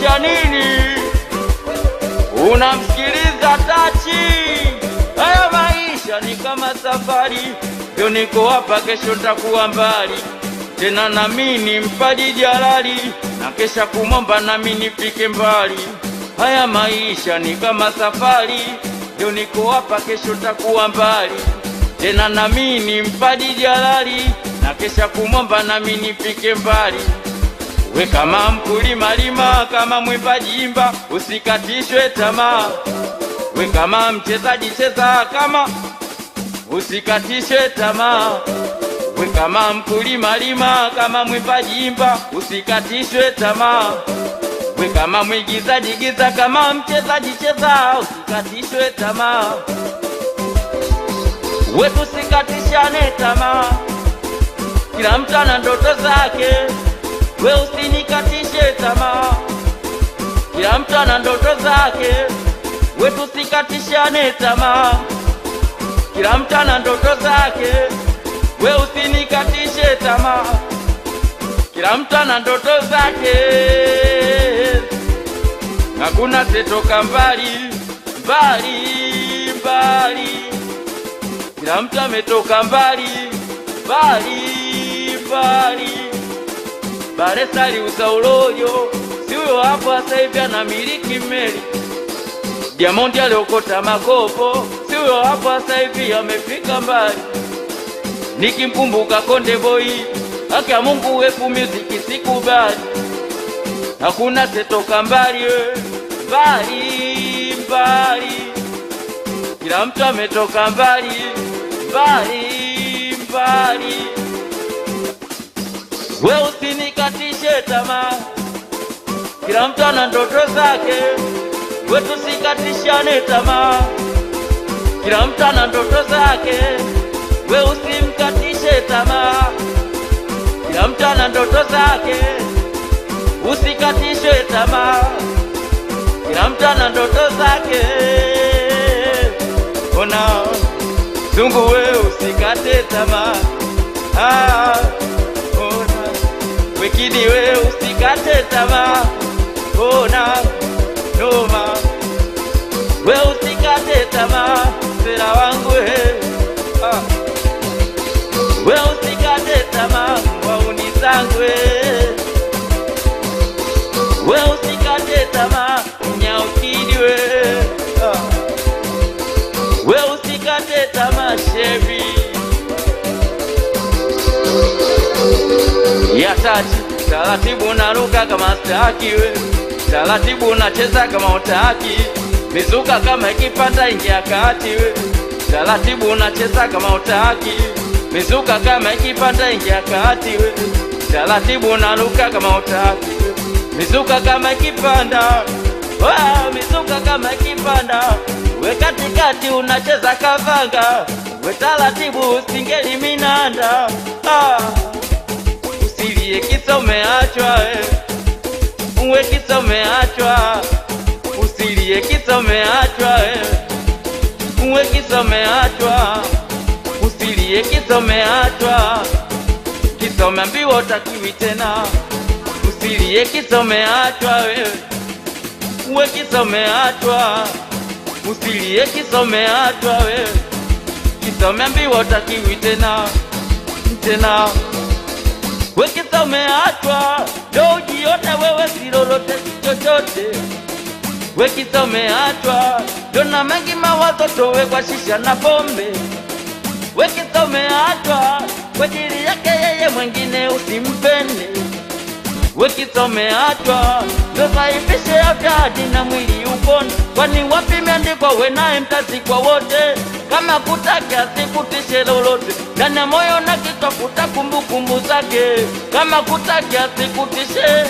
cha nini? Unamsikiliza Tachi. Hayo maisha ni kama safari, yo niko hapa, kesho takuwa mbali tena, nami ni mpaji jalali na kesha kumomba, nami nifike mbali. Haya maisha ni kama safari, yo niko hapa, kesho takuwa mbali tena, nami ni mpaji jalali na kesha kumomba, nami nifike mbali. We kama mkulima lima, kama mwimbaji imba, usikatishwe tamaa. We kama mchezaji cheza, kama usikatishwe tamaa. We kama mkulima lima, kama mwimbaji imba, usikatishwe tamaa. We kama mwigizaji giza, kama mchezaji cheza, usikatishwe tamaa. We tusikatishane tamaa, kila mtu ana ndoto zake we usinikatishe tamaa, kila mtu ana ndoto zake, we tusikatishane tamaa, kila mtu ana ndoto zake, we usinikatishe tamaa, kila mtu ana ndoto zake, hakuna setoka mbali mbali mbali, kila mtu ametoka mbali mbali mbali Balesa aliuza ulojo, si huyo hapo sasa hivi anamiliki meli. Diamondi aliokota makopo, si huyo hapo sasa hivi amefika mbali. Nikimkumbuka Konde Boy, haki ya Mungu wepu muziki sikubali. Hakuna tetoka mbali eh, mbali mbali, kila mtu ametoka mbali mbali mbali. We usinikatishe tamaa, kila mtu ana ndoto zake, we tusikatishane tamaa, kila mtu ana ndoto zake, we usimkatishe tamaa, kila mtu ana ndoto zake, usikatishe tamaa, kila mtu ana ndoto zake. Ona zungu, we usikate tamaa. Ah lakini we usikate tamaa, ona ya tati, taratibu ruka kama staki we, taratibu nacheza kama utaki, mizuka kama ikipata ingia kati we, taratibu nacheza kama utaki, mizuka kama ikipata ingia kati we, taratibu ruka kama utaki, mizuka kama ikipanda ah, mizuka kama ikipanda we katikati unacheza kavanga we taratibu singeli minanda ah. Bibie kisa umeachwa eh. Uwe kisa umeachwa, usilie kisa umeachwa eh. Uwe kisa umeachwa, usilie kisa umeachwa, kisa umeambiwa utakiwi tena, usilie kisa umeachwa wewe. Uwe kisa umeachwa, usilie kisa umeachwa wewe, kisa umeambiwa utakiwi tena tena wekitha umeachwa, ndo ujione wewe si lolote si chochote. Wekitha umeachwa, ndo na mengi mawazo towe kwa shisha na pombe. Wekitha umeachwa, kwa ajili yake yeye mwingine usimpende. Wekitha umeachwa, ndo dhaifishe afya hadi na mwili upone. Kwani wapi imeandikwa we naye mtazikwa wote, kama kutaka sikutishe lolote ndana moyo na kitafuta kumbukumbu zake, kama kutaki asikutishe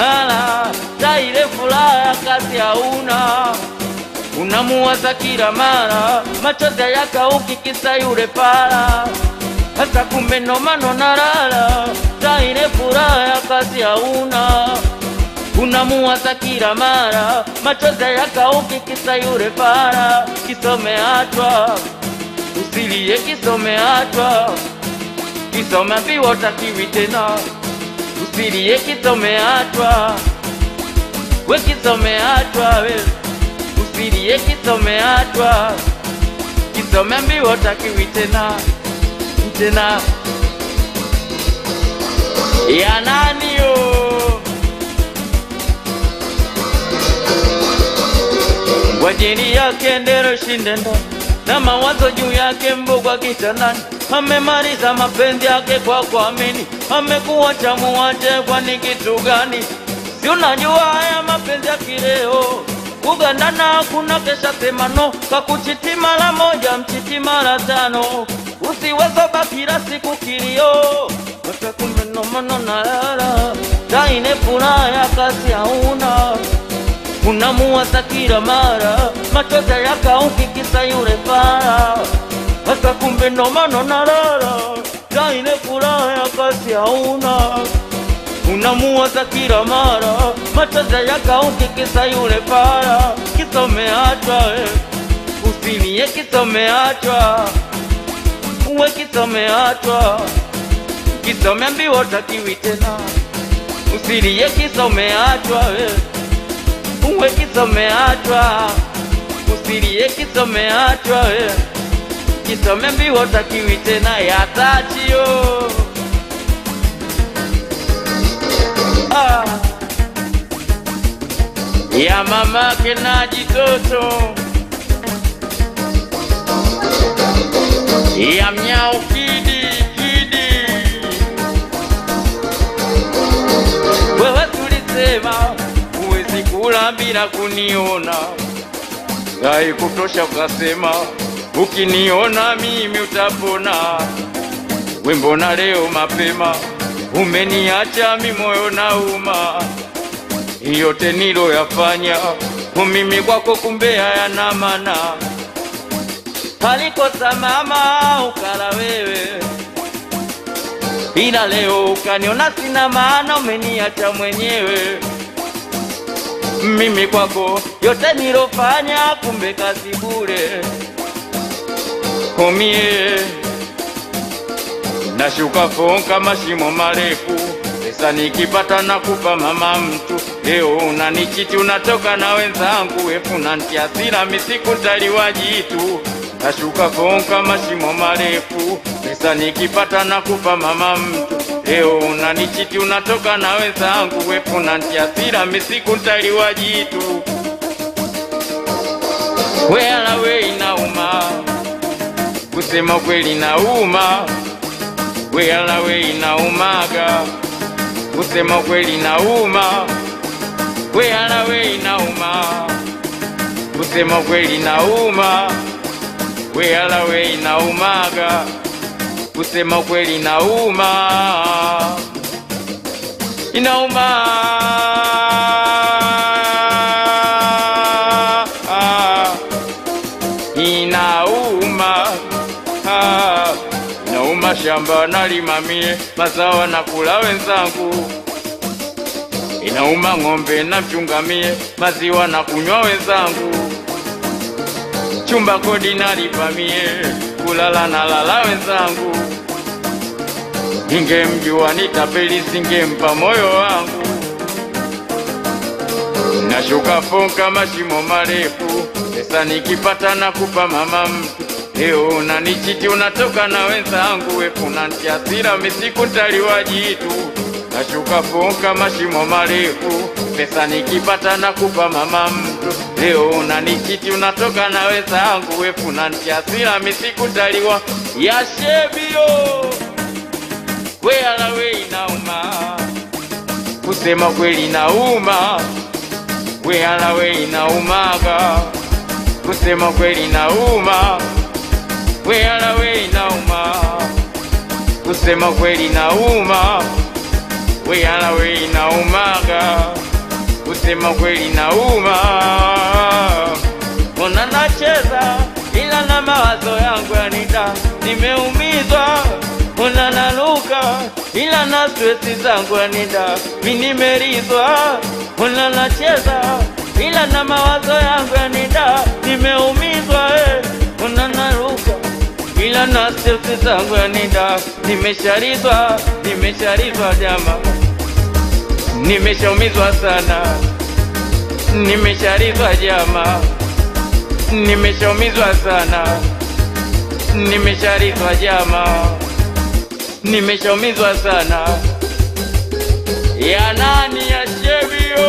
hala ta ile furaha kazi hauna, unamuwaza kila mara, machozi yakauki kisa yule pala hasa kumbe ndo maana nalala ta ile furaha kazi hauna unamuwaza kila mara, machozi yakauki kisa yule pala, kisome atwa usilie kisome atwa kisoma mbiwa utakiwi tena, usilie kisome atwa we kisome atwa we usilie kisome atwa kisome mbiwa utakiwi tena tena ya nani yo wajini yake ndero shindenda na mawazo juu yake mbogwa kitandani, amemaliza mapenzi yake kwa kuamini, amekuwa chamu wache kwa ni kitu gani? Si unajua haya mapenzi ya kileo kugandana hakuna kesha semano kuchiti mara moja mchiti mara tano usiwezoba kila siku kilio atakumenomano na yala daine furaha ya kasi hauna unamuwaza kila mara, machoza yakaumfikisa yule fara, hasa kumbe ndo maana nalala na ile furaha ya kazi hauna. Unamuwaza kila mara, machoza yakaumfikisa yule fara, kisomeachwa eh. Usilie kisomeachwa, uwe kisomeachwa, kisomeambiwa takiwi tena, usilie kisomeachwa eh unywe kisomeachwa usilie kisomeachwa we kisome mbiho takiwi tena yatachio ah. ya mamake na jitoto ya mnyauki bila kuniona, kutosha ukasema ukiniona mimi utapona. We leo mapema umeniacha mimoyo moyo nauma, yote niloyafanya umimi kwako kumbe hayana maana. mama ukala wewe, ila leo ukaniona sina maana, umeniacha mwenyewe mimi kwako yote nilofanya kumbe kazi bure. Komie nashuka fonka mashimo marefu, pesa nikipata kupa mama mtu. Leo unanichiti unatoka na wenzangu, efuna ntiasira misiku ntaliwa Nashuka fonka mashimo marefu sasa nikipata na kufa mama mtu, leo unanichiti unatoka na wenzangu, wepo na ntiasira misiku ntaliwa jitu wela we inauma, kusema kweli nauma, wela we inaumaga, kusema kweli nauma, wela we inauma, kusema kweli nauma, wela we inaumaga kusema ukweli inauma, inauma. Inauma, Shamba nalima mie, mazao kula wenzangu. Inauma, ng'ombe na mchunga mie, maziwa na kunywa wenzangu. Chumba kodi nalipa mie, kulala na lala wenzangu. Ningemjua nitapeli, singempa moyo wangu. Nashuka fonka mashimo marefu, pesa nikipata na kupa mama mtu. Leo unanichiti unatoka na wenzangu, wefuna nti asira misiku ntaliwajitu. Nashuka fonka mashimo marefu, pesa nikipata na kupa mama mtu. Leo unanichiti unatoka na wenzangu, wefuna nti asira misiku ntaliwa yashebio wala we inauma, kusema kweli nauma, we ala we inaumaga, kusema kweli nauma, we ala we inauma, kusema kweli nauma, we ala we inaumaga, kusema kweli nauma, ona nacheza ila na mawazo yangu yanita, nimeumizwa ila na stresi zangu nida minimerizwa, ona nacheza ila na mawazo yangu yanida, nimeumizwa eh, ona naruka ila na stresi zangu yanida, nimesharizwa, nimesharizwa jama, nimeshaumizwa sana, nimesharizwa jama, nimeshaumizwa sana, nimesharizwa jama nimechomizwa sana ya nani ya chevio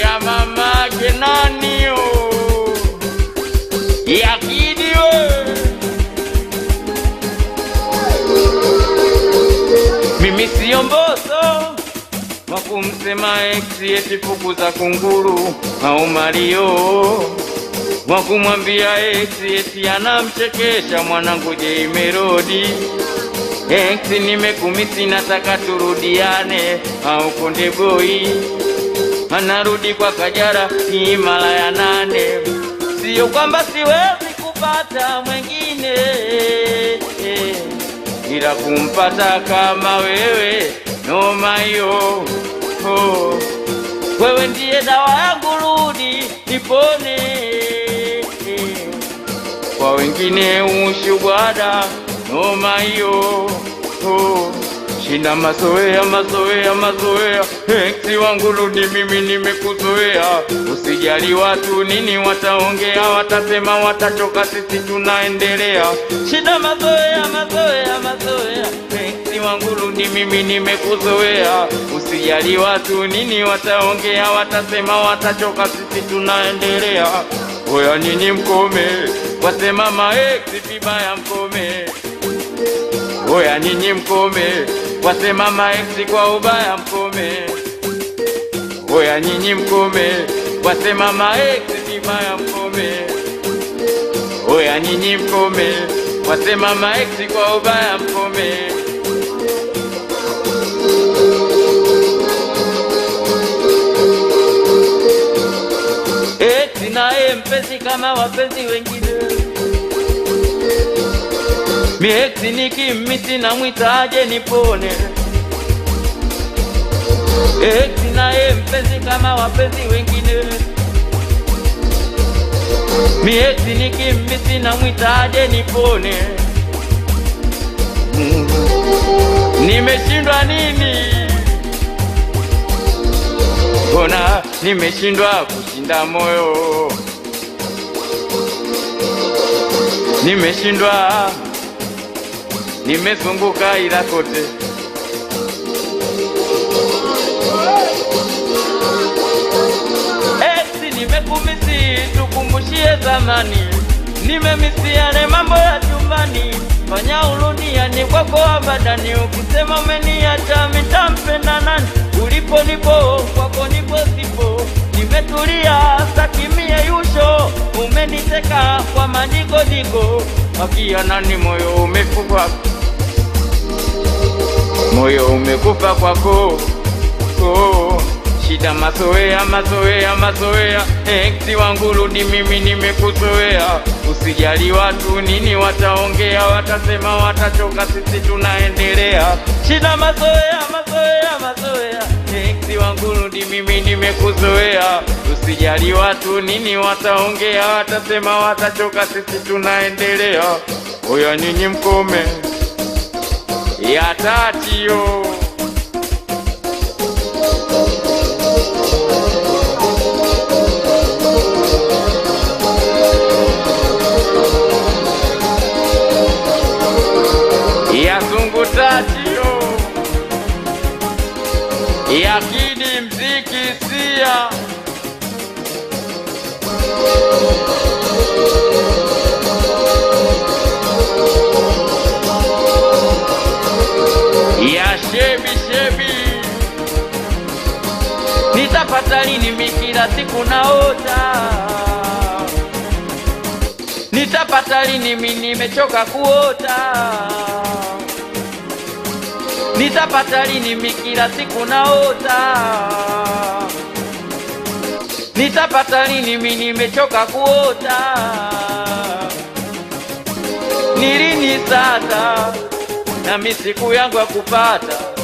ya mamake nanio ya kidiwe mimi siyo mboso wa kumsema eksi eti fukuza kunguru au Mario wakumwambia eksi, esi anamchekesha mwanangu Jeimerodi. Eksi, nimekumisi nataka turudiane au konde boi. Anarudi kwa Kajara, ni mara ya nane, siyo kwamba siwezi kupata mwengine ila kumpata kama wewe noma hiyo. Oh, wewe ndiye dawa yangu, rudi nipone. ushu ushubwada nomayo oh. Shina mazoea mazoea mazoea, eksi wangu rudi, mimi nimekuzoea. Usijali watu nini wataongea, watasema, watachoka, sisi tunaendelea. Shina mazoea mazoea mazoea, wangu rudi, mimi nimekuzoea. Usijali watu nini wataongea, watasema, watachoka, sisi tunaendelea. Oya nini mkome wasemama eh, si vibaya mkome, oya nyinyi mkome, wasemama eh, si kwa ubaya mkome, oya nyinyi mkome, wasemama eh, si vibaya mkome, oya nyinyi mkome, wasemama eh, si kwa ubaya mkome wapenzi kama wapenzi wengine. Miexi nikimisi namwitaje nipone? Exi naye mpenzi kama wapenzi wengine. Miexi nikimisi namwitaje nipone? Nimeshindwa nini? Mbona nimeshindwa kushinda moyo? Nimeshindwa, nimezunguka ila kote, eti nimekumisi. Tukumbushie zamani, nimemisi yale mambo ya chumbani. Fanya ulunia ni kwako abadani, ukisema umeniacha mitampe na nani? Ulipo nipo, kwako nipo sipo nimetulia sakimie yusho, umeniteka kwa madigojigo, wakia nani, moyo umekufa, moyo umekufa kwako oh. Shida mazoea mazoea mazoea, eksi eh, wangu rudi, mimi nimekuzoea Usijali watu nini wataongea, watasema, watachoka, sisi tunaendelea. Shida mazoea, mazoea, mazoea, wangu rudi, mimi nimekuzoea. Usijali watu nini wataongea, watasema, watachoka, sisi tunaendelea. huyo nyinyi mkome yatachio Nitapata lini mikila kila siku naota? Nitapata lini mimi nimechoka kuota? Nitapata lini mikila siku naota? Nitapata lini mimi nimechoka kuota? Ni lini sasa na misiku siku yangu ya kupata